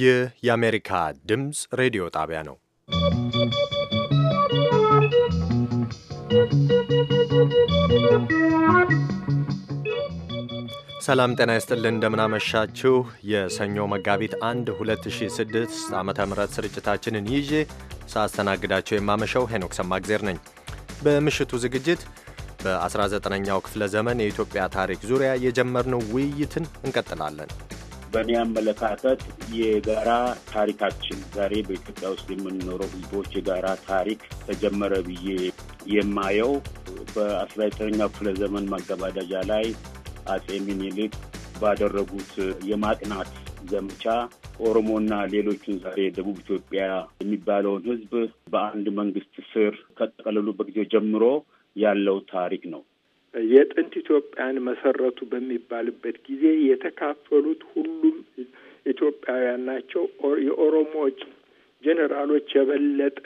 ይህ የአሜሪካ ድምፅ ሬዲዮ ጣቢያ ነው። ሰላም ጤና ይስጥልን። እንደምናመሻችሁ የሰኞ መጋቢት 1 2006 ዓ ም ስርጭታችንን ይዤ ሳስተናግዳቸው የማመሸው ሄኖክ ሰማግዜር ነኝ። በምሽቱ ዝግጅት በ19ኛው ክፍለ ዘመን የኢትዮጵያ ታሪክ ዙሪያ የጀመርነው ውይይትን እንቀጥላለን። በእኔ አመለካከት የጋራ ታሪካችን ዛሬ በኢትዮጵያ ውስጥ የምንኖረው ሕዝቦች የጋራ ታሪክ ተጀመረ ብዬ የማየው በ 19 ኛው ክፍለ ዘመን ማገባደጃ ላይ አጼ ሚኒሊክ ባደረጉት የማጥናት ዘመቻ ኦሮሞና ሌሎቹን ዛሬ ደቡብ ኢትዮጵያ የሚባለውን ሕዝብ በአንድ መንግስት ስር ከጠቀለሉበት ጊዜ ጀምሮ ያለው ታሪክ ነው። የጥንት ኢትዮጵያን መሰረቱ በሚባልበት ጊዜ የተካፈሉት ሁሉም ኢትዮጵያውያን ናቸው። የኦሮሞዎች ጄኔራሎች የበለጠ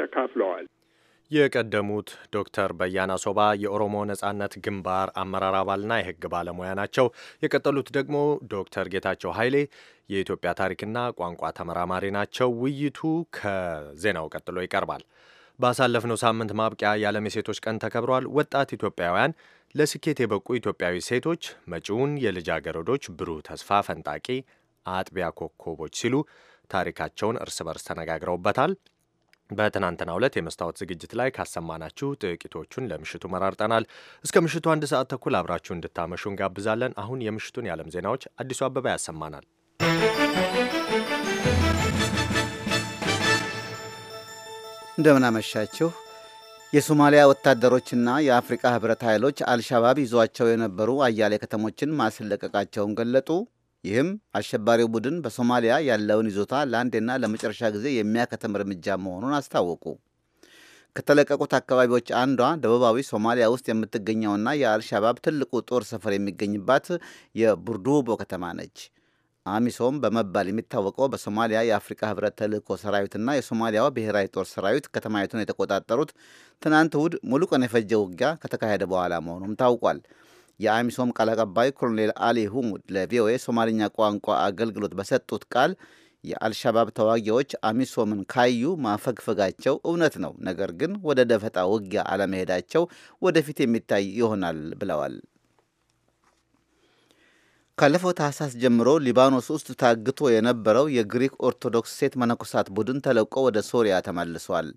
ተካፍለዋል። የቀደሙት ዶክተር በያና ሶባ የኦሮሞ ነጻነት ግንባር አመራር አባልና የሕግ ባለሙያ ናቸው። የቀጠሉት ደግሞ ዶክተር ጌታቸው ኃይሌ የኢትዮጵያ ታሪክና ቋንቋ ተመራማሪ ናቸው። ውይይቱ ከዜናው ቀጥሎ ይቀርባል። ባሳለፍነው ሳምንት ማብቂያ የዓለም የሴቶች ቀን ተከብሯል። ወጣት ኢትዮጵያውያን ለስኬት የበቁ ኢትዮጵያዊ ሴቶች መጪውን የልጃገረዶች ብሩህ ተስፋ ፈንጣቂ አጥቢያ ኮከቦች ሲሉ ታሪካቸውን እርስ በርስ ተነጋግረውበታል። በትናንትና ዕለት የመስታወት ዝግጅት ላይ ካሰማናችሁ ጥቂቶቹን ለምሽቱ መራርጠናል። እስከ ምሽቱ አንድ ሰዓት ተኩል አብራችሁ እንድታመሹ እንጋብዛለን። አሁን የምሽቱን የዓለም ዜናዎች አዲሱ አበባ ያሰማናል። እንደምናመሻችሁ። የሶማሊያ ወታደሮችና የአፍሪቃ ህብረት ኃይሎች አልሻባብ ይዟቸው የነበሩ አያሌ ከተሞችን ማስለቀቃቸውን ገለጡ። ይህም አሸባሪው ቡድን በሶማሊያ ያለውን ይዞታ ለአንዴና ለመጨረሻ ጊዜ የሚያከተም እርምጃ መሆኑን አስታወቁ። ከተለቀቁት አካባቢዎች አንዷ ደቡባዊ ሶማሊያ ውስጥ የምትገኘውና የአልሻባብ ትልቁ ጦር ሰፈር የሚገኝባት የቡርዱቦ ከተማ ነች። አሚሶም በመባል የሚታወቀው በሶማሊያ የአፍሪካ ህብረት ተልእኮ ሰራዊትና የሶማሊያዋ ብሔራዊ ጦር ሰራዊት ከተማይቱን የተቆጣጠሩት ትናንት እሁድ ሙሉ ቀን የፈጀ ውጊያ ከተካሄደ በኋላ መሆኑም ታውቋል። የአሚሶም ቃል አቀባይ ኮሎኔል አሊ ሁሙድ ለቪኦኤ ሶማልኛ ቋንቋ አገልግሎት በሰጡት ቃል የአልሻባብ ተዋጊዎች አሚሶምን ካዩ ማፈግፈጋቸው እውነት ነው፣ ነገር ግን ወደ ደፈጣ ውጊያ አለመሄዳቸው ወደፊት የሚታይ ይሆናል ብለዋል። ካለፈው ታህሳስ ጀምሮ ሊባኖስ ውስጥ ታግቶ የነበረው የግሪክ ኦርቶዶክስ ሴት መነኮሳት ቡድን ተለቆ ወደ ሶሪያ ተመልሷል።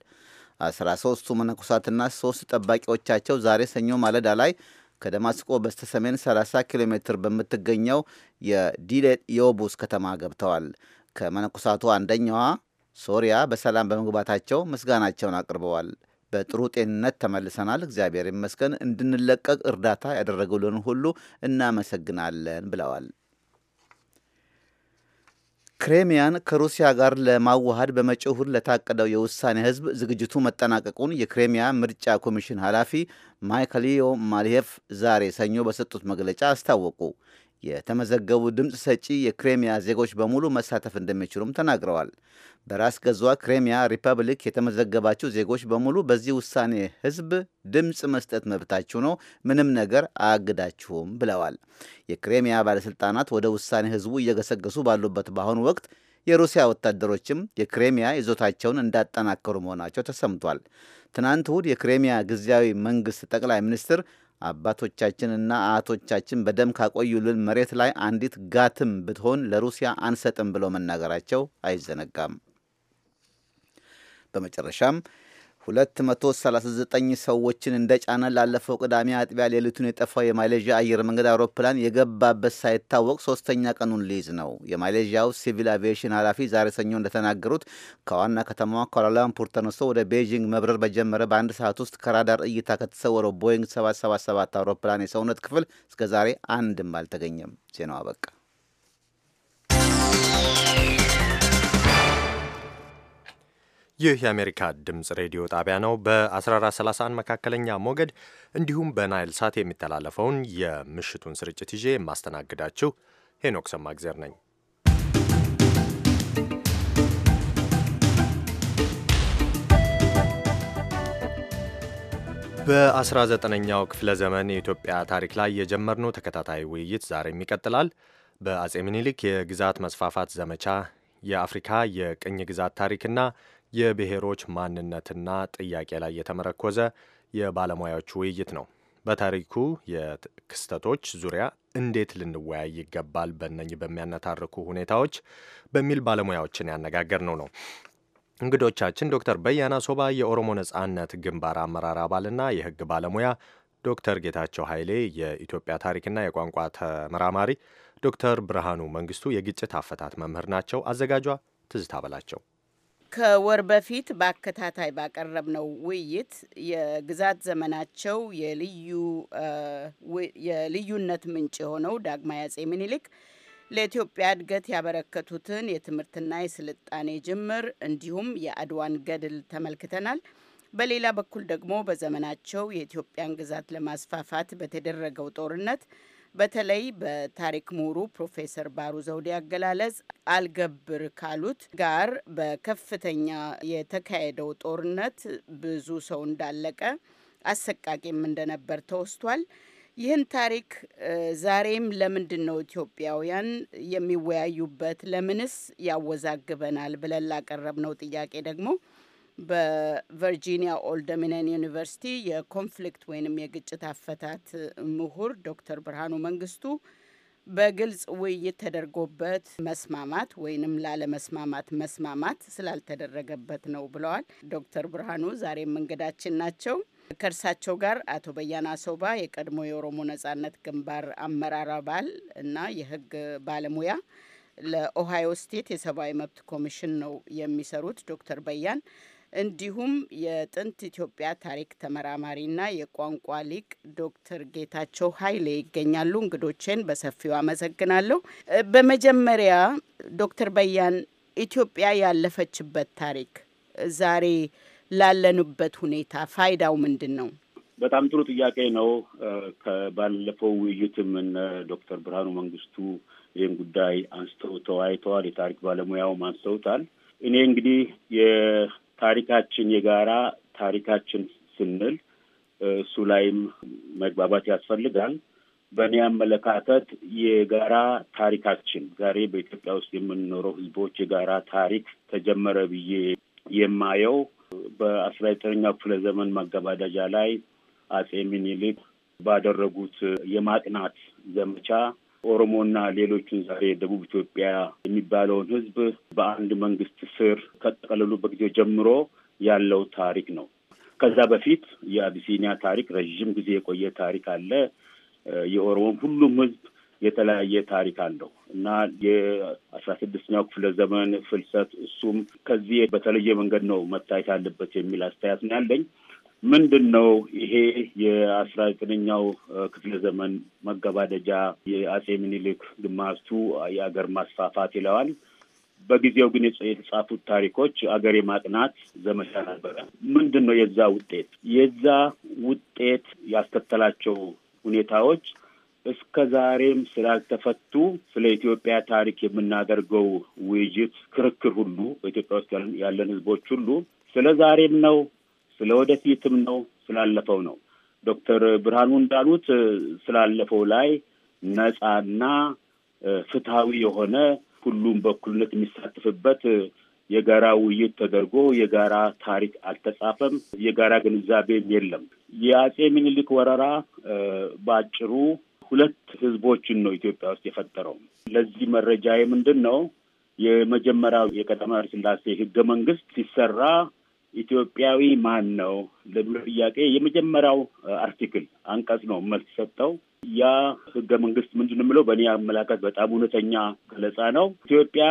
አስራ ሶስቱ መነኮሳትና ሶስት ጠባቂዎቻቸው ዛሬ ሰኞ ማለዳ ላይ ከደማስቆ በስተሰሜን 30 ኪሎ ሜትር በምትገኘው የዲሌት የኦቡስ ከተማ ገብተዋል። ከመነኮሳቱ አንደኛዋ ሶሪያ በሰላም በመግባታቸው ምስጋናቸውን አቅርበዋል። በጥሩ ጤንነት ተመልሰናል፣ እግዚአብሔር ይመስገን። እንድንለቀቅ እርዳታ ያደረገውልን ሁሉ እናመሰግናለን ብለዋል። ክሬሚያን ከሩሲያ ጋር ለማዋሃድ በመጪው እሁድ ለታቀደው የውሳኔ ህዝብ ዝግጅቱ መጠናቀቁን የክሬሚያ ምርጫ ኮሚሽን ኃላፊ ማይክሊዮ ማልሄፍ ዛሬ ሰኞ በሰጡት መግለጫ አስታወቁ። የተመዘገቡ ድምፅ ሰጪ የክሬሚያ ዜጎች በሙሉ መሳተፍ እንደሚችሉም ተናግረዋል። በራስ ገዟ ክሬሚያ ሪፐብሊክ የተመዘገባቸው ዜጎች በሙሉ በዚህ ውሳኔ ሕዝብ ድምፅ መስጠት መብታችሁ ነው፣ ምንም ነገር አያግዳችሁም ብለዋል። የክሬሚያ ባለሥልጣናት ወደ ውሳኔ ሕዝቡ እየገሰገሱ ባሉበት በአሁኑ ወቅት የሩሲያ ወታደሮችም የክሬሚያ ይዞታቸውን እንዳጠናከሩ መሆናቸው ተሰምቷል። ትናንት እሁድ የክሬሚያ ጊዜያዊ መንግሥት ጠቅላይ ሚኒስትር አባቶቻችንና አያቶቻችን በደም ካቆዩልን መሬት ላይ አንዲት ጋትም ብትሆን ለሩሲያ አንሰጥም ብለው መናገራቸው አይዘነጋም። በመጨረሻም 239 ሰዎችን እንደጫነ ላለፈው ቅዳሜ አጥቢያ ሌሊቱን የጠፋው የማሌዥያ አየር መንገድ አውሮፕላን የገባበት ሳይታወቅ ሶስተኛ ቀኑን ሊይዝ ነው። የማሌዥያው ሲቪል አቪዬሽን ኃላፊ ዛሬ ሰኞ እንደተናገሩት ከዋና ከተማዋ ኳላላምፑር ተነስቶ ወደ ቤጂንግ መብረር በጀመረ በአንድ ሰዓት ውስጥ ከራዳር እይታ ከተሰወረው ቦይንግ 777 አውሮፕላን የሰውነት ክፍል እስከ ዛሬ አንድም አልተገኘም። ዜናው አበቃ። ይህ የአሜሪካ ድምፅ ሬዲዮ ጣቢያ ነው። በ1431 መካከለኛ ሞገድ እንዲሁም በናይል ሳት የሚተላለፈውን የምሽቱን ስርጭት ይዤ የማስተናግዳችሁ ሄኖክ ሰማግዜር ነኝ። በ19ኛው ክፍለ ዘመን የኢትዮጵያ ታሪክ ላይ የጀመርነው ተከታታይ ውይይት ዛሬም ይቀጥላል። በአጼ ምኒልክ የግዛት መስፋፋት ዘመቻ፣ የአፍሪካ የቅኝ ግዛት ታሪክና የብሔሮች ማንነትና ጥያቄ ላይ የተመረኮዘ የባለሙያዎች ውይይት ነው። በታሪኩ የክስተቶች ዙሪያ እንዴት ልንወያይ ይገባል፣ በእነኝህ በሚያነታርኩ ሁኔታዎች በሚል ባለሙያዎችን ያነጋገር ነው ነው እንግዶቻችን ዶክተር በያና ሶባ የኦሮሞ ነጻነት ግንባር አመራር አባልና የህግ ባለሙያ ዶክተር ጌታቸው ኃይሌ የኢትዮጵያ ታሪክና የቋንቋ ተመራማሪ፣ ዶክተር ብርሃኑ መንግስቱ የግጭት አፈታት መምህር ናቸው። አዘጋጇ ትዝታ በላቸው ከወር በፊት በአከታታይ ባቀረብነው ውይይት የግዛት ዘመናቸው የልዩነት ምንጭ የሆነው ዳግማዊ አጼ ምኒልክ ለኢትዮጵያ እድገት ያበረከቱትን የትምህርትና የስልጣኔ ጅምር እንዲሁም የአድዋን ገድል ተመልክተናል። በሌላ በኩል ደግሞ በዘመናቸው የኢትዮጵያን ግዛት ለማስፋፋት በተደረገው ጦርነት በተለይ በታሪክ ምሁሩ ፕሮፌሰር ባሩ ዘውዴ አገላለጽ አልገብር ካሉት ጋር በከፍተኛ የተካሄደው ጦርነት ብዙ ሰው እንዳለቀ አሰቃቂም እንደነበር ተወስቷል። ይህን ታሪክ ዛሬም ለምንድን ነው ኢትዮጵያውያን የሚወያዩበት? ለምንስ ያወዛግበናል? ብለን ላቀረብነው ጥያቄ ደግሞ በቨርጂኒያ ኦል ዶሚኒየን ዩኒቨርሲቲ የኮንፍሊክት ወይንም የግጭት አፈታት ምሁር ዶክተር ብርሃኑ መንግስቱ በግልጽ ውይይት ተደርጎበት መስማማት ወይንም ላለመስማማት መስማማት ስላልተደረገበት ነው ብለዋል። ዶክተር ብርሃኑ ዛሬም እንግዳችን ናቸው። ከእርሳቸው ጋር አቶ በያና ሶባ የቀድሞ የኦሮሞ ነጻነት ግንባር አመራር አባል እና የህግ ባለሙያ ለኦሃዮ ስቴት የሰብአዊ መብት ኮሚሽን ነው የሚሰሩት። ዶክተር በያን እንዲሁም የጥንት ኢትዮጵያ ታሪክ ተመራማሪና የቋንቋ ሊቅ ዶክተር ጌታቸው ኃይሌ ይገኛሉ። እንግዶቼን በሰፊው አመሰግናለሁ። በመጀመሪያ ዶክተር በያን ኢትዮጵያ ያለፈችበት ታሪክ ዛሬ ላለንበት ሁኔታ ፋይዳው ምንድን ነው? በጣም ጥሩ ጥያቄ ነው። ባለፈው ውይይትም እነ ዶክተር ብርሃኑ መንግስቱ ይህን ጉዳይ አንስተው ተወያይተዋል። የታሪክ ባለሙያውም አንስተውታል። እኔ እንግዲህ ታሪካችን የጋራ ታሪካችን ስንል እሱ ላይም መግባባት ያስፈልጋል። በእኔ አመለካከት የጋራ ታሪካችን ዛሬ በኢትዮጵያ ውስጥ የምንኖረው ህዝቦች የጋራ ታሪክ ተጀመረ ብዬ የማየው በአስራ ዘጠነኛው ክፍለ ዘመን መገባደጃ ላይ አጼ ሚኒሊክ ባደረጉት የማጥናት ዘመቻ ኦሮሞና ሌሎችን ዛሬ ደቡብ ኢትዮጵያ የሚባለውን ህዝብ በአንድ መንግስት ስር ከጠቀለሉበት ጊዜ ጀምሮ ያለው ታሪክ ነው። ከዛ በፊት የአቢሲኒያ ታሪክ ረዥም ጊዜ የቆየ ታሪክ አለ። የኦሮሞም ሁሉም ህዝብ የተለያየ ታሪክ አለው እና የአስራ ስድስተኛው ክፍለ ዘመን ፍልሰት እሱም ከዚህ በተለየ መንገድ ነው መታየት አለበት የሚል አስተያየት ነው ያለኝ። ምንድን ነው ይሄ የአስራ ዘጠነኛው ክፍለ ዘመን መገባደጃ የአጼ ምኒልክ ግማስቱ የአገር ማስፋፋት ይለዋል። በጊዜው ግን የተጻፉት ታሪኮች አገር የማጥናት ዘመቻ ነበረ። ምንድን ነው የዛ ውጤት? የዛ ውጤት ያስከተላቸው ሁኔታዎች እስከ ዛሬም ስላልተፈቱ ስለ ኢትዮጵያ ታሪክ የምናደርገው ውይይት፣ ክርክር ሁሉ በኢትዮጵያ ውስጥ ያለን ሕዝቦች ሁሉ ስለ ዛሬም ነው ስለ ወደፊትም ነው፣ ስላለፈው ነው። ዶክተር ብርሃኑ እንዳሉት ስላለፈው ላይ ነጻና ፍትሐዊ የሆነ ሁሉም በእኩልነት የሚሳተፍበት የጋራ ውይይት ተደርጎ የጋራ ታሪክ አልተጻፈም። የጋራ ግንዛቤም የለም። የአጼ ምኒልክ ወረራ በአጭሩ ሁለት ህዝቦችን ነው ኢትዮጵያ ውስጥ የፈጠረው። ለዚህ መረጃ ምንድን ነው? የመጀመሪያው የቀዳማዊ ኃይለ ሥላሴ ህገ መንግስት ሲሰራ ኢትዮጵያዊ ማን ነው ለብሎ ጥያቄ የመጀመሪያው አርቲክል አንቀጽ ነው መልስ ሰጠው። ያ ህገ መንግስት ምንድን ነው የምለው በእኔ አመላከት በጣም እውነተኛ ገለጻ ነው። ኢትዮጵያ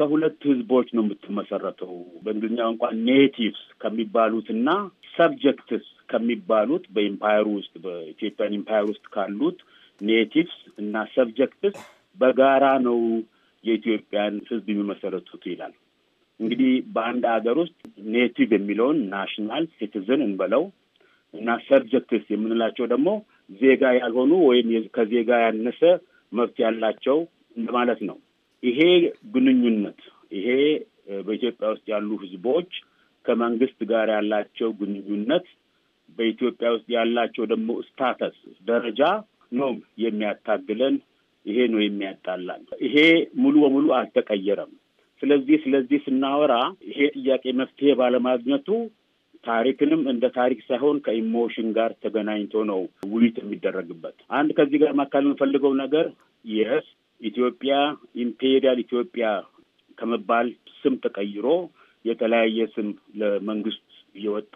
ከሁለት ህዝቦች ነው የምትመሰረተው በእንግሊዝኛ ቋንቋ ኔቲቭስ ከሚባሉትና ሰብጀክትስ ከሚባሉት በኢምፓየር ውስጥ በኢትዮጵያን ኢምፓየር ውስጥ ካሉት ኔቲቭስ እና ሰብጀክትስ በጋራ ነው የኢትዮጵያን ህዝብ የሚመሰረቱት ይላል። እንግዲህ በአንድ ሀገር ውስጥ ኔቲቭ የሚለውን ናሽናል ሲቲዝን እንበለው እና ሰብጀክትስ የምንላቸው ደግሞ ዜጋ ያልሆኑ ወይም ከዜጋ ያነሰ መብት ያላቸው እንደማለት ነው። ይሄ ግንኙነት ይሄ በኢትዮጵያ ውስጥ ያሉ ህዝቦች ከመንግስት ጋር ያላቸው ግንኙነት በኢትዮጵያ ውስጥ ያላቸው ደግሞ ስታተስ ደረጃ ነው የሚያታግለን። ይሄ ነው የሚያጣላን። ይሄ ሙሉ በሙሉ አልተቀየረም። ስለዚህ ስለዚህ ስናወራ ይሄ ጥያቄ መፍትሄ ባለማግኘቱ ታሪክንም እንደ ታሪክ ሳይሆን ከኢሞሽን ጋር ተገናኝቶ ነው ውይይት የሚደረግበት። አንድ ከዚህ ጋር ማካል የምፈልገው ነገር የስ ኢትዮጵያ ኢምፔሪያል ኢትዮጵያ ከመባል ስም ተቀይሮ የተለያየ ስም ለመንግስት እየወጣ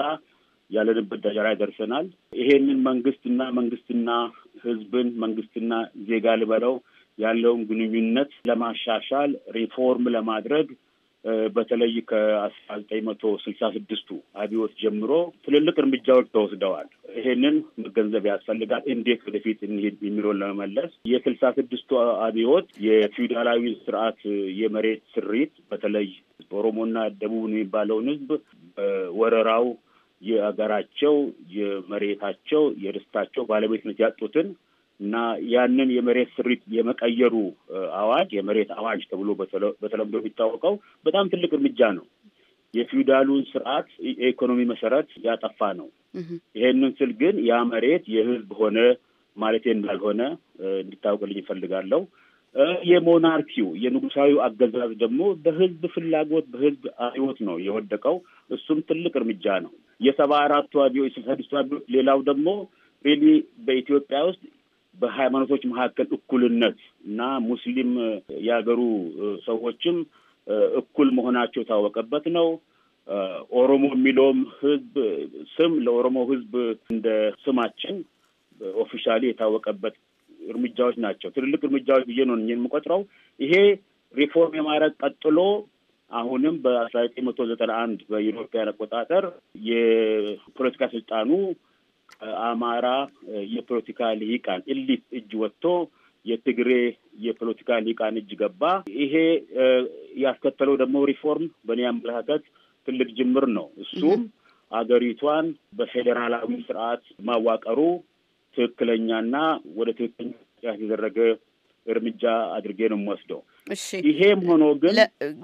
ያለንበት ደረጃ ላይ ደርሰናል። ይሄንን መንግስትና መንግስትና ህዝብን መንግስትና ዜጋ ልበለው ያለውን ግንኙነት ለማሻሻል ሪፎርም ለማድረግ በተለይ ከአስራ ዘጠኝ መቶ ስልሳ ስድስቱ አብዮት ጀምሮ ትልልቅ እርምጃዎች ተወስደዋል። ይሄንን መገንዘብ ያስፈልጋል። እንዴት ወደፊት እንሄድ የሚለውን ለመመለስ የስልሳ ስድስቱ አብዮት የፊውዳላዊ ስርዓት የመሬት ስሪት በተለይ ኦሮሞና ደቡብ የሚባለውን ህዝብ በወረራው የአገራቸው የመሬታቸው የርስታቸው ባለቤትነት ያጡትን እና ያንን የመሬት ስሪት የመቀየሩ አዋጅ የመሬት አዋጅ ተብሎ በተለምዶ የሚታወቀው በጣም ትልቅ እርምጃ ነው። የፊውዳሉን ስርዓት የኢኮኖሚ መሰረት ያጠፋ ነው። ይሄንን ስል ግን ያ መሬት የህዝብ ሆነ ማለት እንዳልሆነ እንድታውቅልኝ እፈልጋለሁ። የሞናርኪው የንጉሳዊ አገዛዝ ደግሞ በህዝብ ፍላጎት በህዝብ አይወት ነው የወደቀው። እሱም ትልቅ እርምጃ ነው። የሰባ አራቱ አብዮት፣ የስልሳ ስድስቱ አብዮት ሌላው ደግሞ ሪሊ በኢትዮጵያ ውስጥ በሃይማኖቶች መካከል እኩልነት እና ሙስሊም የሀገሩ ሰዎችም እኩል መሆናቸው የታወቀበት ነው። ኦሮሞ የሚለውም ህዝብ ስም ለኦሮሞ ህዝብ እንደ ስማችን ኦፊሻሊ የታወቀበት እርምጃዎች ናቸው። ትልልቅ እርምጃዎች ብዬ ነው የምቆጥረው። ይሄ ሪፎርም የማድረግ ቀጥሎ አሁንም በአስራ ዘጠኝ መቶ ዘጠና አንድ በኢትዮጵያን አቆጣጠር የፖለቲካ ስልጣኑ አማራ የፖለቲካ ልሂቃን ኢሊት እጅ ወጥቶ የትግሬ የፖለቲካ ልሂቃን እጅ ገባ። ይሄ ያስከተለው ደግሞ ሪፎርም በእኔ አመለካከት ትልቅ ጅምር ነው። እሱም አገሪቷን በፌዴራላዊ ስርዓት ማዋቀሩ ትክክለኛና ወደ ትክክለኛ የተደረገ እርምጃ አድርጌ ነው የምወስደው። ይሄም ሆኖ ግን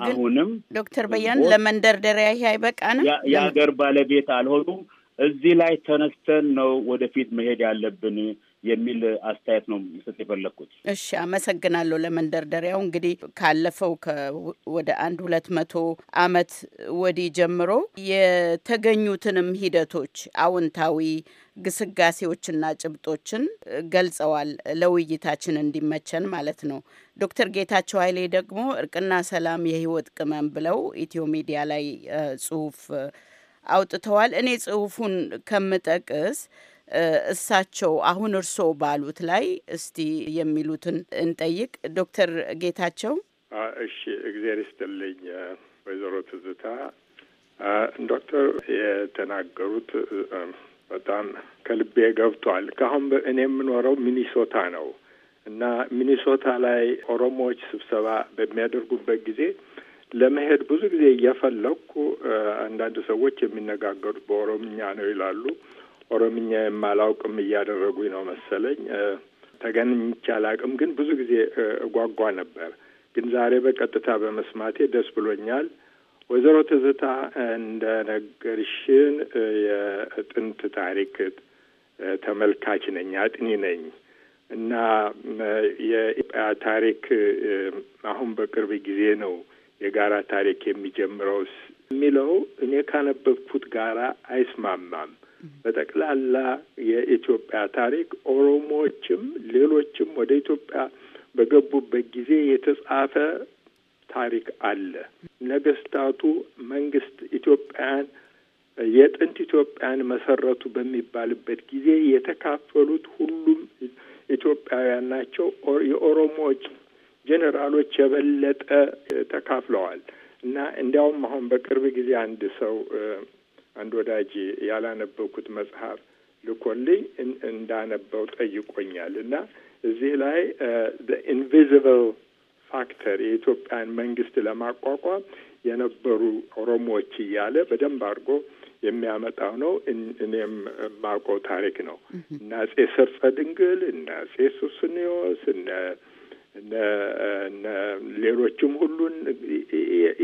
አሁንም ዶክተር በያን ለመንደርደሪያ ይሄ አይበቃንም። የሀገር ባለቤት አልሆኑም። እዚህ ላይ ተነስተን ነው ወደፊት መሄድ ያለብን የሚል አስተያየት ነው ምስጥ የፈለግኩት። እሺ፣ አመሰግናለሁ። ለመንደርደሪያው እንግዲህ ካለፈው ወደ አንድ ሁለት መቶ አመት ወዲህ ጀምሮ የተገኙትንም ሂደቶች አዎንታዊ ግስጋሴዎችና ጭብጦችን ገልጸዋል፣ ለውይይታችን እንዲመቸን ማለት ነው። ዶክተር ጌታቸው ኃይሌ ደግሞ እርቅና ሰላም የህይወት ቅመም ብለው ኢትዮ ሚዲያ ላይ ጽሁፍ አውጥተዋል። እኔ ጽሁፉን ከምጠቅስ እሳቸው አሁን እርስዎ ባሉት ላይ እስቲ የሚሉትን እንጠይቅ። ዶክተር ጌታቸው እሺ፣ እግዜር ይስጥልኝ ወይዘሮ ትዝታ። ዶክተር የተናገሩት በጣም ከልቤ ገብቷል። ከአሁን እኔ የምኖረው ሚኒሶታ ነው እና ሚኒሶታ ላይ ኦሮሞዎች ስብሰባ በሚያደርጉበት ጊዜ ለመሄድ ብዙ ጊዜ እየፈለግኩ አንዳንድ ሰዎች የሚነጋገሩት በኦሮምኛ ነው ይላሉ። ኦሮምኛ የማላውቅም እያደረጉኝ ነው መሰለኝ። ተገኝቼ አላውቅም፣ ግን ብዙ ጊዜ እጓጓ ነበር። ግን ዛሬ በቀጥታ በመስማቴ ደስ ብሎኛል። ወይዘሮ ትዝታ እንደ ነገርሽን የጥንት ታሪክ ተመልካች ነኝ፣ አጥኒ ነኝ እና የኢትዮጵያ ታሪክ አሁን በቅርብ ጊዜ ነው የጋራ ታሪክ የሚጀምረው የሚለው እኔ ካነበብኩት ጋራ አይስማማም። በጠቅላላ የኢትዮጵያ ታሪክ ኦሮሞዎችም ሌሎችም ወደ ኢትዮጵያ በገቡበት ጊዜ የተጻፈ ታሪክ አለ። ነገስታቱ መንግስት ኢትዮጵያን የጥንት ኢትዮጵያን መሰረቱ በሚባልበት ጊዜ የተካፈሉት ሁሉም ኢትዮጵያውያን ናቸው። የኦሮሞዎች ጄኔራሎች የበለጠ ተካፍለዋል እና እንዲያውም አሁን በቅርብ ጊዜ አንድ ሰው አንድ ወዳጅ ያላነበብኩት መጽሐፍ ልኮልኝ እንዳነበው ጠይቆኛል እና እዚህ ላይ ኢንቪዚብል ፋክተር የኢትዮጵያን መንግስት ለማቋቋም የነበሩ ኦሮሞዎች እያለ በደንብ አድርጎ የሚያመጣው ነው። እኔም የማውቀው ታሪክ ነው እና አጼ ሰርጸ ድንግል እና አጼ ሱስንዮስ እና ሌሎችም ሁሉን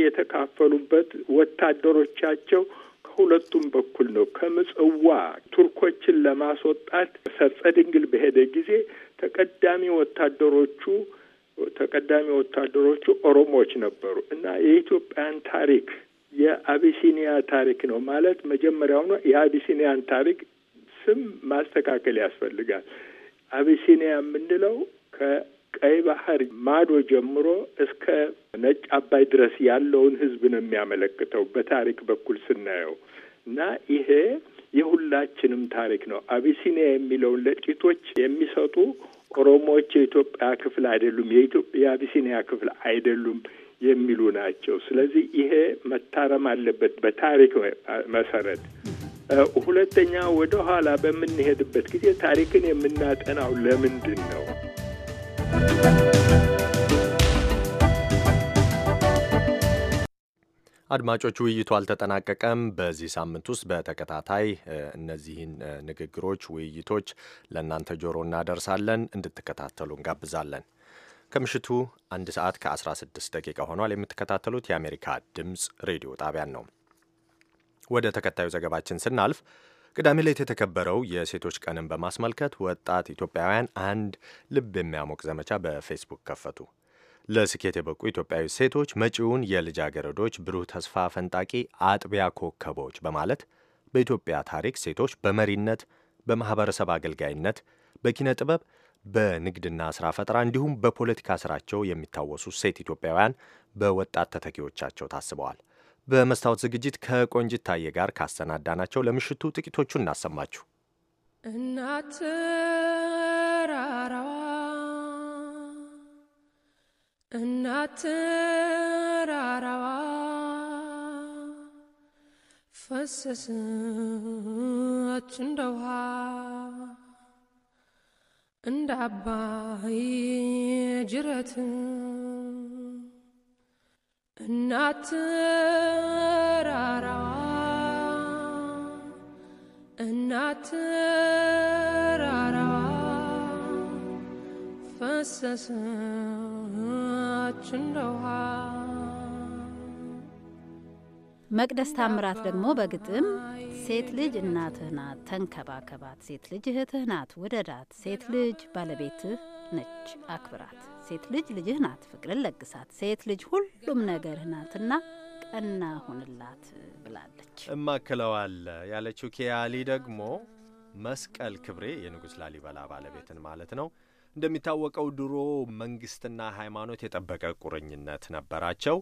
የተካፈሉበት ወታደሮቻቸው ከሁለቱም በኩል ነው። ከምጽዋ ቱርኮችን ለማስወጣት ሰርጸ ድንግል በሄደ ጊዜ ተቀዳሚ ወታደሮቹ ተቀዳሚ ወታደሮቹ ኦሮሞዎች ነበሩ እና የኢትዮጵያን ታሪክ የአቢሲኒያ ታሪክ ነው ማለት ነው። የአቢሲኒያን ታሪክ ስም ማስተካከል ያስፈልጋል። አቢሲኒያ የምንለው ከ ቀይ ባህር ማዶ ጀምሮ እስከ ነጭ አባይ ድረስ ያለውን ህዝብ ነው የሚያመለክተው በታሪክ በኩል ስናየው እና ይሄ የሁላችንም ታሪክ ነው። አቢሲኒያ የሚለውን ለጥቂቶች የሚሰጡ ኦሮሞዎች የኢትዮጵያ ክፍል አይደሉም፣ የኢትዮጵያ የአቢሲኒያ ክፍል አይደሉም የሚሉ ናቸው። ስለዚህ ይሄ መታረም አለበት በታሪክ መሰረት። ሁለተኛ ወደ ኋላ በምንሄድበት ጊዜ ታሪክን የምናጠናው ለምንድን ነው? አድማጮች ውይይቱ አልተጠናቀቀም። በዚህ ሳምንት ውስጥ በተከታታይ እነዚህን ንግግሮች፣ ውይይቶች ለእናንተ ጆሮ እናደርሳለን። እንድትከታተሉ እንጋብዛለን። ከምሽቱ አንድ ሰዓት ከ16 ደቂቃ ሆኗል። የምትከታተሉት የአሜሪካ ድምፅ ሬዲዮ ጣቢያን ነው። ወደ ተከታዩ ዘገባችን ስናልፍ ቅዳሜ ላይ የተከበረው የሴቶች ቀንን በማስመልከት ወጣት ኢትዮጵያውያን አንድ ልብ የሚያሞቅ ዘመቻ በፌስቡክ ከፈቱ። ለስኬት የበቁ ኢትዮጵያዊ ሴቶች መጪውን የልጃገረዶች ብሩህ ተስፋ ፈንጣቂ አጥቢያ ኮከቦች በማለት በኢትዮጵያ ታሪክ ሴቶች በመሪነት፣ በማኅበረሰብ አገልጋይነት፣ በኪነ ጥበብ፣ በንግድና ሥራ ፈጠራ እንዲሁም በፖለቲካ ሥራቸው የሚታወሱ ሴት ኢትዮጵያውያን በወጣት ተተኪዎቻቸው ታስበዋል። በመስታወት ዝግጅት ከቆንጅት ታዬ ጋር ካሰናዳ ናቸው ለምሽቱ ጥቂቶቹ እናሰማችሁ። እናት ራራዋ ፈሰሰች እንደ ውሃ እንደ አባይ እናት እናት መቅደስ ታምራት ደግሞ በግጥም ሴት ልጅ እናትህ ናት፣ ተንከባከባት። ሴት ልጅ እህትህ ናት፣ ውደዳት። ሴት ልጅ ባለቤትህ ነች። አክብራት። ሴት ልጅ ልጅህ ናት። ፍቅርን ለግሳት። ሴት ልጅ ሁሉም ነገርህ ናትና ቀና ሁንላት ብላለች። እማክለዋል ያለችው ኬያሊ ደግሞ መስቀል ክብሬ የንጉሥ ላሊበላ ባለቤትን ማለት ነው። እንደሚታወቀው ድሮ መንግስትና ሃይማኖት የጠበቀ ቁርኝነት ነበራቸው።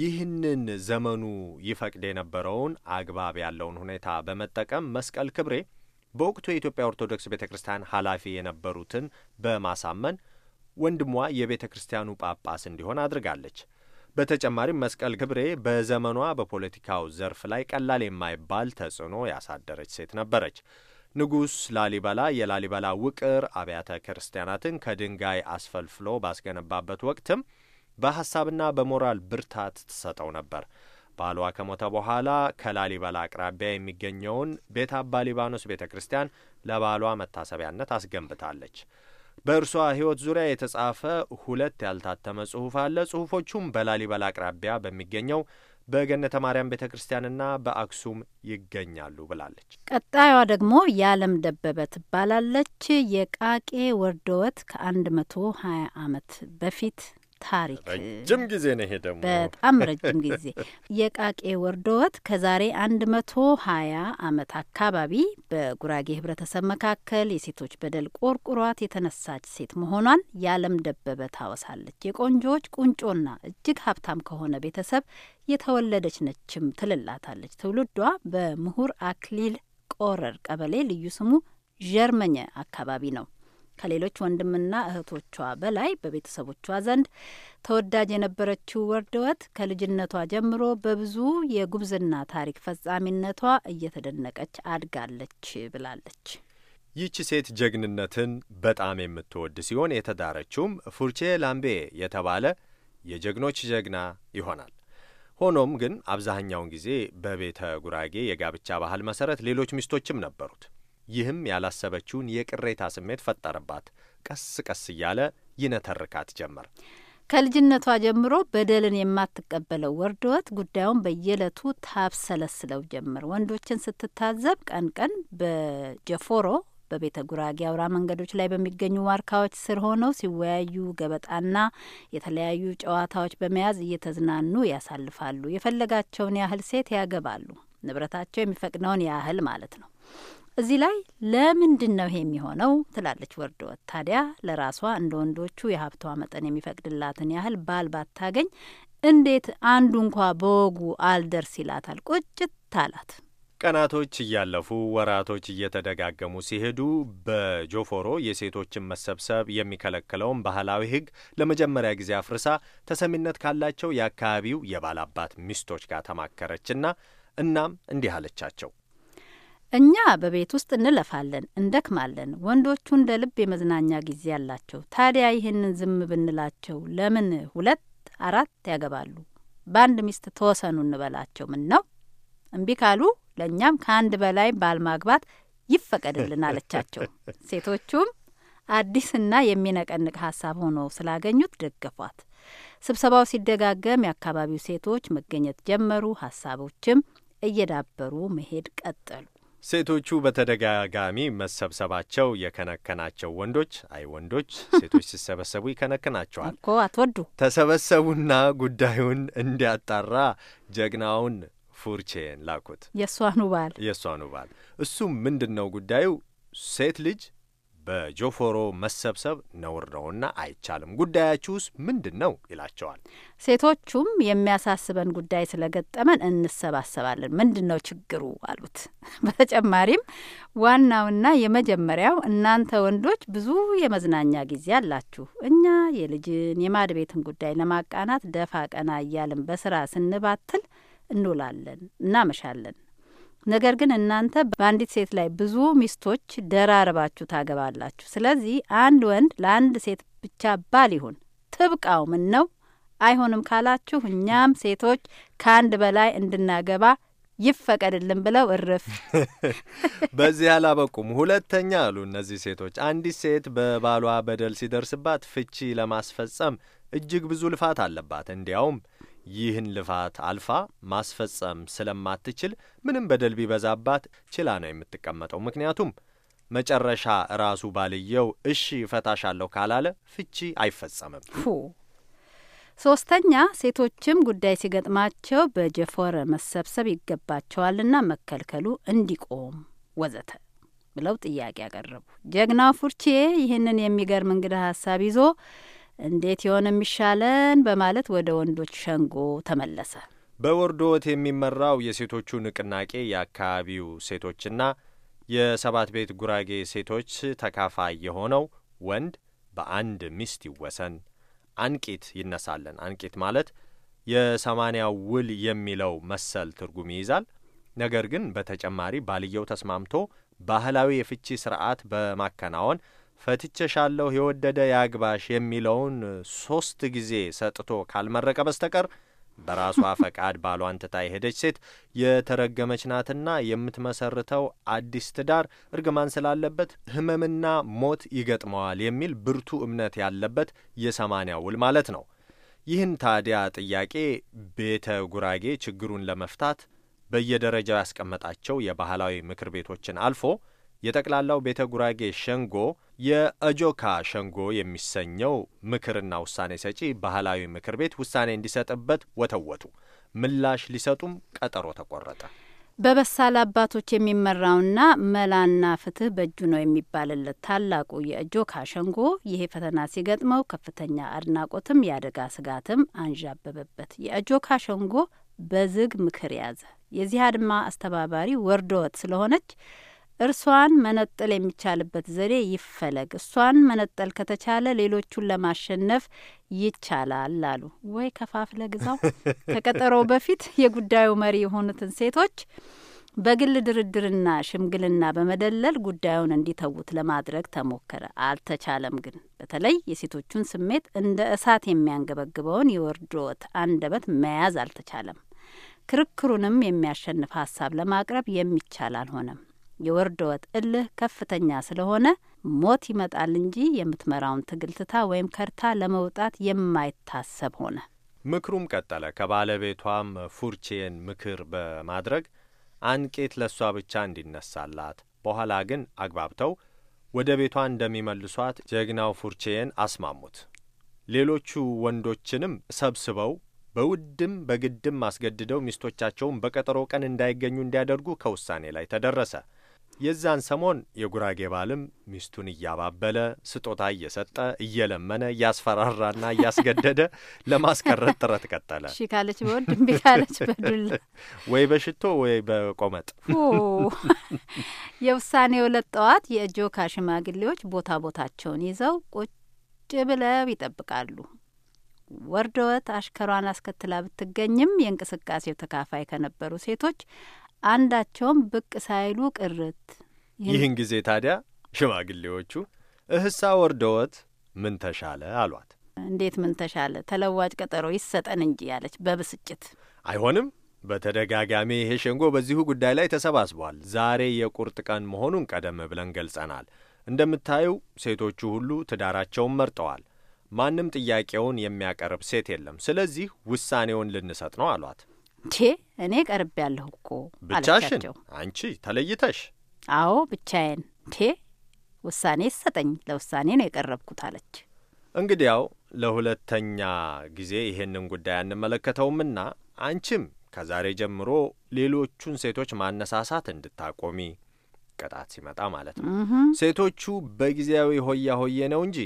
ይህንን ዘመኑ ይፈቅድ የነበረውን አግባብ ያለውን ሁኔታ በመጠቀም መስቀል ክብሬ በወቅቱ የኢትዮጵያ ኦርቶዶክስ ቤተ ክርስቲያን ኃላፊ የነበሩትን በማሳመን ወንድሟ የቤተ ክርስቲያኑ ጳጳስ እንዲሆን አድርጋለች። በተጨማሪም መስቀል ክብሬ በዘመኗ በፖለቲካው ዘርፍ ላይ ቀላል የማይባል ተጽዕኖ ያሳደረች ሴት ነበረች። ንጉሥ ላሊበላ የላሊበላ ውቅር አብያተ ክርስቲያናትን ከድንጋይ አስፈልፍሎ ባስገነባበት ወቅትም በሐሳብና በሞራል ብርታት ትሰጠው ነበር። ባሏ ከሞተ በኋላ ከላሊበላ አቅራቢያ የሚገኘውን ቤት አባ ሊባኖስ ቤተ ክርስቲያን ለባሏ መታሰቢያነት አስገንብታለች። በእርሷ ሕይወት ዙሪያ የተጻፈ ሁለት ያልታተመ ጽሑፍ አለ። ጽሑፎቹም በላሊበላ አቅራቢያ በሚገኘው በገነተ ማርያም ቤተ ክርስቲያንና በአክሱም ይገኛሉ ብላለች። ቀጣዩዋ ደግሞ የዓለም ደበበ ትባላለች። የቃቄ ወርደወት ከአንድ መቶ ሀያ ዓመት በፊት ታሪክ ረጅም ጊዜ ነው። ይሄ ደግሞ በጣም ረጅም ጊዜ የቃቄ ወርዶ ከዛሬ አንድ መቶ ሀያ አመት አካባቢ በጉራጌ ህብረተሰብ መካከል የሴቶች በደል ቆርቁሯት የተነሳች ሴት መሆኗን ያለም ደበበ ታወሳለች። የቆንጆዎች ቁንጮና እጅግ ሀብታም ከሆነ ቤተሰብ የተወለደች ነችም ትልላታለች። ትውልዷ በምሁር አክሊል ቆረር ቀበሌ ልዩ ስሙ ዠርመኘ አካባቢ ነው። ከሌሎች ወንድምና እህቶቿ በላይ በቤተሰቦቿ ዘንድ ተወዳጅ የነበረችው ወርድወት ከልጅነቷ ጀምሮ በብዙ የጉብዝና ታሪክ ፈጻሚነቷ እየተደነቀች አድጋለች ብላለች። ይቺ ሴት ጀግንነትን በጣም የምትወድ ሲሆን የተዳረችውም ፉርቼ ላምቤ የተባለ የጀግኖች ጀግና ይሆናል። ሆኖም ግን አብዛኛውን ጊዜ በቤተ ጉራጌ የጋብቻ ባህል መሰረት ሌሎች ሚስቶችም ነበሩት። ይህም ያላሰበችውን የቅሬታ ስሜት ፈጠረባት። ቀስ ቀስ እያለ ይነተርካት ጀመር። ከልጅነቷ ጀምሮ በደልን የማትቀበለው ወርድወት ጉዳዩን በየዕለቱ ታብሰለስለው ጀመር። ወንዶችን ስትታዘብ ቀን ቀን በጀፎሮ በቤተ ጉራጌ አውራ መንገዶች ላይ በሚገኙ ዋርካዎች ስር ሆነው ሲወያዩ ገበጣና የተለያዩ ጨዋታዎች በመያዝ እየተዝናኑ ያሳልፋሉ። የፈለጋቸውን ያህል ሴት ያገባሉ። ንብረታቸው የሚፈቅደውን ያህል ማለት ነው። እዚህ ላይ ለምንድን ነው ይሄ የሚሆነው ትላለች ወርድወት። ታዲያ ለራሷ እንደ ወንዶቹ የሀብቷ መጠን የሚፈቅድላትን ያህል ባል ባታገኝ እንዴት አንዱ እንኳ በወጉ አልደርስ ይላታል። ቁጭት ታላት። ቀናቶች እያለፉ ወራቶች እየተደጋገሙ ሲሄዱ በጆፎሮ የሴቶችን መሰብሰብ የሚከለክለውን ባህላዊ ሕግ ለመጀመሪያ ጊዜ አፍርሳ ተሰሚነት ካላቸው የአካባቢው የባላባት ሚስቶች ጋር ተማከረችና እናም እንዲህ አለቻቸው። እኛ በቤት ውስጥ እንለፋለን፣ እንደክማለን። ወንዶቹ እንደ ልብ የመዝናኛ ጊዜ አላቸው። ታዲያ ይህንን ዝም ብንላቸው ለምን ሁለት አራት ያገባሉ? በአንድ ሚስት ተወሰኑ እንበላቸው። ምን ነው እምቢ ካሉ ለእኛም ከአንድ በላይ ባል ማግባት ይፈቀድልን አለቻቸው። ሴቶቹም አዲስና የሚነቀንቅ ሀሳብ ሆኖ ስላገኙት ደገፏት። ስብሰባው ሲደጋገም የአካባቢው ሴቶች መገኘት ጀመሩ። ሀሳቦችም እየዳበሩ መሄድ ቀጠሉ። ሴቶቹ በተደጋጋሚ መሰብሰባቸው የከነከናቸው ወንዶች አይ ወንዶች ሴቶች ሲሰበሰቡ ይከነክናቸዋል እኮ አትወዱ። ተሰበሰቡና ጉዳዩን እንዲያጣራ ጀግናውን ፉርቼን ላኩት። የእሷኑ ባል የእሷኑ ባል እሱም ምንድን ነው ጉዳዩ ሴት ልጅ በጆፎሮ መሰብሰብ ነውር ነውና አይቻልም። ጉዳያችሁስ ምንድን ነው ይላቸዋል። ሴቶቹም የሚያሳስበን ጉዳይ ስለገጠመን እንሰባሰባለን፣ ምንድን ነው ችግሩ አሉት። በተጨማሪም ዋናውና የመጀመሪያው እናንተ ወንዶች ብዙ የመዝናኛ ጊዜ አላችሁ። እኛ የልጅን የማድ ቤትን ጉዳይ ለማቃናት ደፋ ቀና እያልን በስራ ስንባትል እንውላለን፣ እናመሻለን ነገር ግን እናንተ በአንዲት ሴት ላይ ብዙ ሚስቶች ደራርባችሁ ታገባላችሁ። ስለዚህ አንድ ወንድ ለአንድ ሴት ብቻ ባል ይሁን ትብቃው። ምን ነው አይሆንም ካላችሁ እኛም ሴቶች ከአንድ በላይ እንድናገባ ይፈቀድልን ብለው እርፍ። በዚህ አላበቁም። ሁለተኛ አሉ እነዚህ ሴቶች አንዲት ሴት በባሏ በደል ሲደርስባት ፍቺ ለማስፈጸም እጅግ ብዙ ልፋት አለባት። እንዲያውም ይህን ልፋት አልፋ ማስፈጸም ስለማትችል ምንም በደል ቢበዛባት ችላ ነው የምትቀመጠው። ምክንያቱም መጨረሻ ራሱ ባልየው እሺ እፈታሻለሁ ካላለ ፍቺ አይፈጸምም። ሶስተኛ፣ ሴቶችም ጉዳይ ሲገጥማቸው በጀፎር መሰብሰብ ይገባቸዋልና መከልከሉ እንዲቆም ወዘተ ብለው ጥያቄ ያቀረቡ ጀግናው ፉርቼ ይህንን የሚገርም እንግዳ ሀሳብ ይዞ እንዴት የሆነ የሚሻለን በማለት ወደ ወንዶች ሸንጎ ተመለሰ። በወርዶወት የሚመራው የሴቶቹ ንቅናቄ የአካባቢው ሴቶችና የሰባት ቤት ጉራጌ ሴቶች ተካፋይ የሆነው ወንድ በአንድ ሚስት ይወሰን፣ አንቂት ይነሳለን። አንቂት ማለት የሰማንያው ውል የሚለው መሰል ትርጉም ይይዛል። ነገር ግን በተጨማሪ ባልየው ተስማምቶ ባህላዊ የፍቺ ስርዓት በማከናወን ፈትቸሻለሁ የወደደ ያግባሽ የሚለውን ሶስት ጊዜ ሰጥቶ ካልመረቀ በስተቀር በራሷ ፈቃድ ባሏን ትታ የሄደች ሴት የተረገመች ናትና የምትመሰርተው አዲስ ትዳር እርግማን ስላለበት ሕመምና ሞት ይገጥመዋል የሚል ብርቱ እምነት ያለበት የሰማንያ ውል ማለት ነው። ይህን ታዲያ ጥያቄ ቤተ ጉራጌ ችግሩን ለመፍታት በየደረጃው ያስቀመጣቸው የባህላዊ ምክር ቤቶችን አልፎ የጠቅላላው ቤተ ጉራጌ ሸንጎ የእጆካ ሸንጎ የሚሰኘው ምክርና ውሳኔ ሰጪ ባህላዊ ምክር ቤት ውሳኔ እንዲሰጥበት ወተወቱ። ምላሽ ሊሰጡም ቀጠሮ ተቆረጠ። በበሳል አባቶች የሚመራውና መላና ፍትህ በእጁ ነው የሚባልለት ታላቁ የእጆካ ሸንጎ ይሄ ፈተና ሲገጥመው ከፍተኛ አድናቆትም የአደጋ ስጋትም አንዣበበበት። የእጆካ ሸንጎ በዝግ ምክር ያዘ። የዚህ አድማ አስተባባሪ ወርዶወት ስለሆነች እርሷን መነጠል የሚቻልበት ዘዴ ይፈለግ። እሷን መነጠል ከተቻለ ሌሎቹን ለማሸነፍ ይቻላል አሉ። ወይ ከፋፍለ ግዛው። ከቀጠሮ በፊት የጉዳዩ መሪ የሆኑትን ሴቶች በግል ድርድርና ሽምግልና በመደለል ጉዳዩን እንዲተዉት ለማድረግ ተሞከረ። አልተቻለም። ግን በተለይ የሴቶቹን ስሜት እንደ እሳት የሚያንገበግበውን የወርድወት አንደበት መያዝ አልተቻለም። ክርክሩንም የሚያሸንፍ ሀሳብ ለማቅረብ የሚቻል አልሆነም። የወርድ ወጥ እልህ ከፍተኛ ስለሆነ ሞት ይመጣል እንጂ የምትመራውን ትግልትታ ወይም ከርታ ለመውጣት የማይታሰብ ሆነ። ምክሩም ቀጠለ። ከባለቤቷም ፉርቼን ምክር በማድረግ አንቄት ለእሷ ብቻ እንዲነሳላት፣ በኋላ ግን አግባብተው ወደ ቤቷ እንደሚመልሷት ጀግናው ፉርቼን አስማሙት። ሌሎቹ ወንዶችንም ሰብስበው በውድም በግድም አስገድደው ሚስቶቻቸውን በቀጠሮ ቀን እንዳይገኙ እንዲያደርጉ ከውሳኔ ላይ ተደረሰ። የዛን ሰሞን የጉራጌ ባልም ሚስቱን እያባበለ ስጦታ እየሰጠ እየለመነ እያስፈራራና እያስገደደ ለማስቀረት ጥረት ቀጠለ። እሺ ካለች በወድ እምቢ ካለች በዱላ ወይ በሽቶ ወይ በቆመጥ። የውሳኔ ሁለት ጠዋት የእጆካ ሽማግሌዎች ቦታ ቦታቸውን ይዘው ቁጭ ብለው ይጠብቃሉ። ወርደወት አሽከሯን አስከትላ ብትገኝም የእንቅስቃሴው ተካፋይ ከነበሩ ሴቶች አንዳቸውም ብቅ ሳይሉ ቅርት። ይህን ጊዜ ታዲያ ሽማግሌዎቹ እህሳ ወርደወት ምን ተሻለ አሏት። እንዴት ምን ተሻለ? ተለዋጭ ቀጠሮ ይሰጠን እንጂ አለች በብስጭት። አይሆንም፣ በተደጋጋሚ ይሄ ሸንጎ በዚሁ ጉዳይ ላይ ተሰባስቧል። ዛሬ የቁርጥ ቀን መሆኑን ቀደም ብለን ገልጸናል። እንደምታዩ ሴቶቹ ሁሉ ትዳራቸውን መርጠዋል። ማንም ጥያቄውን የሚያቀርብ ሴት የለም። ስለዚህ ውሳኔውን ልንሰጥ ነው አሏት። ቼ እኔ ቀርብ ያለሁ እኮ ብቻሽን አንቺ ተለይተሽ አዎ ብቻዬን ቼ ውሳኔ ይሰጠኝ ለውሳኔ ነው የቀረብኩት አለች እንግዲያው ለሁለተኛ ጊዜ ይሄንን ጉዳይ አንመለከተውምና አንቺም ከዛሬ ጀምሮ ሌሎቹን ሴቶች ማነሳሳት እንድታቆሚ ቅጣት ሲመጣ ማለት ነው። ሴቶቹ በጊዜያዊ ሆያ ሆዬ ነው እንጂ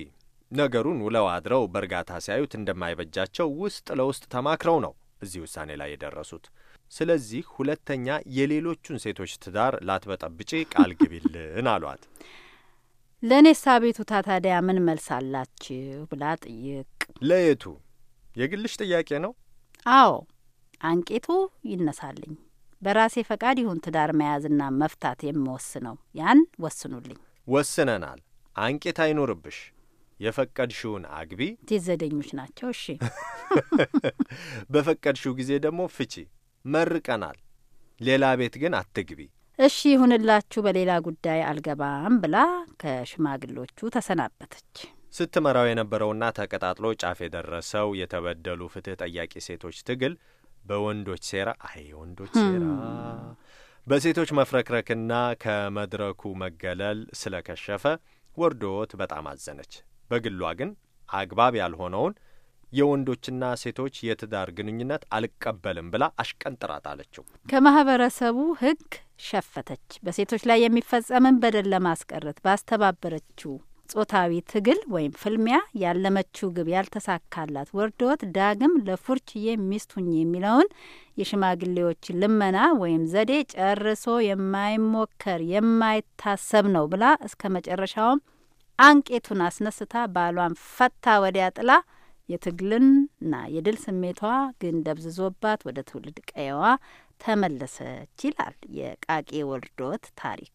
ነገሩን ውለው አድረው በእርጋታ ሲያዩት እንደማይበጃቸው ውስጥ ለውስጥ ተማክረው ነው እዚህ ውሳኔ ላይ የደረሱት። ስለዚህ ሁለተኛ የሌሎቹን ሴቶች ትዳር ላትበጠብጪ ቃል ግቢልን አሏት። ለእኔስ ቤቱ ታዲያ ምን መልስ አላችሁ ብላ ጥይቅ ለየቱ የግልሽ ጥያቄ ነው። አዎ አንቄቱ ይነሳልኝ። በራሴ ፈቃድ ይሁን ትዳር መያዝና መፍታት የምወስነው ያን ወስኑልኝ። ወስነናል። አንቄት አይኖርብሽ። የፈቀድሽውን አግቢ። ዘደኞች ናቸው! እሺ፣ በፈቀድሽው ጊዜ ደግሞ ፍቺ። መርቀናል። ሌላ ቤት ግን አትግቢ። እሺ ይሁንላችሁ፣ በሌላ ጉዳይ አልገባም ብላ ከሽማግሎቹ ተሰናበተች። ስትመራው የነበረውና ተቀጣጥሎ ጫፍ የደረሰው የተበደሉ ፍትህ ጠያቂ ሴቶች ትግል በወንዶች ሴራ፣ አይ ወንዶች ሴራ፣ በሴቶች መፍረክረክና ከመድረኩ መገለል ስለከሸፈ ወርዶት በጣም አዘነች። በግሏ ግን አግባብ ያልሆነውን የወንዶችና ሴቶች የትዳር ግንኙነት አልቀበልም ብላ አሽቀንጥራት አለችው። ከማህበረሰቡ ህግ ሸፈተች። በሴቶች ላይ የሚፈጸምን በደል ለማስቀረት ባስተባበረችው ጾታዊ ትግል ወይም ፍልሚያ ያለመችው ግብ ያልተሳካላት ወርዶት ዳግም ለፉርች ሚስቱኝ የሚለውን የሽማግሌዎች ልመና ወይም ዘዴ ጨርሶ የማይሞከር የማይታሰብ ነው ብላ እስከ መጨረሻውም አንቄቱን አስነስታ ባሏን ፈታ ወዲያ ጥላ የትግልንና የድል ስሜቷ ግን ደብዝዞባት ወደ ትውልድ ቀየዋ ተመለሰች ይላል የቃቄ ወልዶት ታሪክ።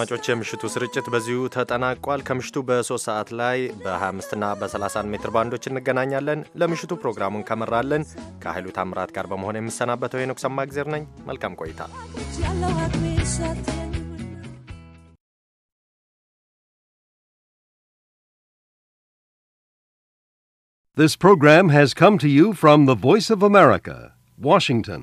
አድማጮች የምሽቱ ስርጭት በዚሁ ተጠናቋል። ከምሽቱ በሶስት ሰዓት ላይ በ25ና በ30 ሜትር ባንዶች እንገናኛለን። ለምሽቱ ፕሮግራሙን ከመራለን ከኃይሉ ታምራት ጋር በመሆን የምሰናበተው ሄኖክ ሰማእግዜር ነኝ። መልካም ቆይታ። This program has come to you from the Voice of America, Washington.